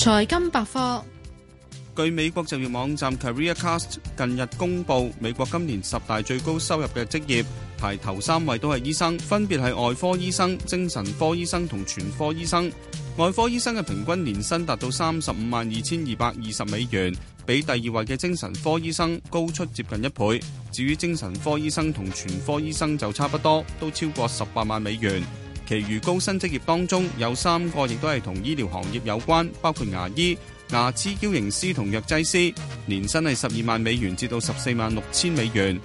財金百科，據美國就業網站 CareerCast 近日公布，美國今年十大最高收入嘅職業排頭三位都係醫生，分別係外科醫生、精神科醫生同全科醫生。外科醫生嘅平均年薪達到三十五萬二千二百二十美元，比第二位嘅精神科醫生高出接近一倍。至於精神科醫生同全科醫生就差不多，都超過十八萬美元。其餘高薪職業當中，有三個亦都係同醫療行業有關，包括牙醫、牙齒矯形師同藥劑師，年薪係十二萬美元至到十四萬六千美元。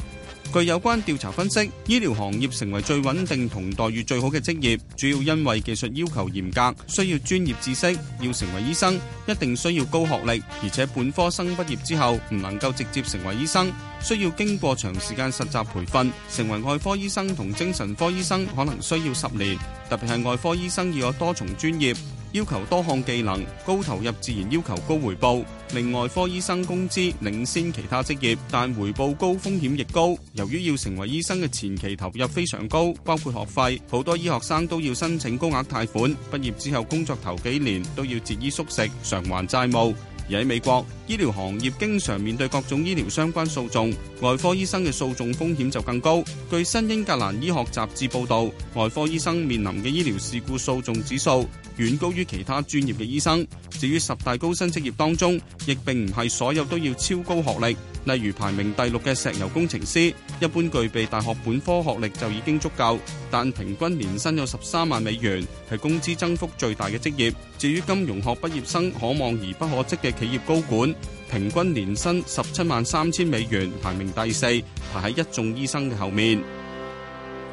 據有關調查分析，醫療行業成為最穩定同待遇最好嘅職業，主要因為技術要求嚴格，需要專業知識。要成為醫生，一定需要高學歷，而且本科生畢業之後唔能夠直接成為醫生，需要經過長時間實習培訓。成為外科醫生同精神科醫生可能需要十年，特別係外科醫生要有多重專業。要求多項技能，高投入自然要求高回報。另外，科醫生工資領先其他職業，但回報高，風險亦高。由於要成為醫生嘅前期投入非常高，包括學費，好多醫學生都要申請高額貸款。畢業之後工作頭幾年都要節衣縮食，償還債務。而喺美國，醫療行業經常面對各種醫療相關訴訟，外科醫生嘅訴訟風險就更高。據新英格蘭醫學雜誌報道，外科醫生面臨嘅醫療事故訴訟指數遠高於其他專業嘅醫生。至於十大高薪職業當中，亦並唔係所有都要超高學歷。例如排名第六嘅石油工程師，一般具備大學本科學歷就已經足夠，但平均年薪有十三萬美元，係工資增幅最大嘅職業。至於金融學畢業生可望而不可即嘅企業高管，平均年薪十七萬三千美元，排名第四，排喺一眾醫生嘅後面。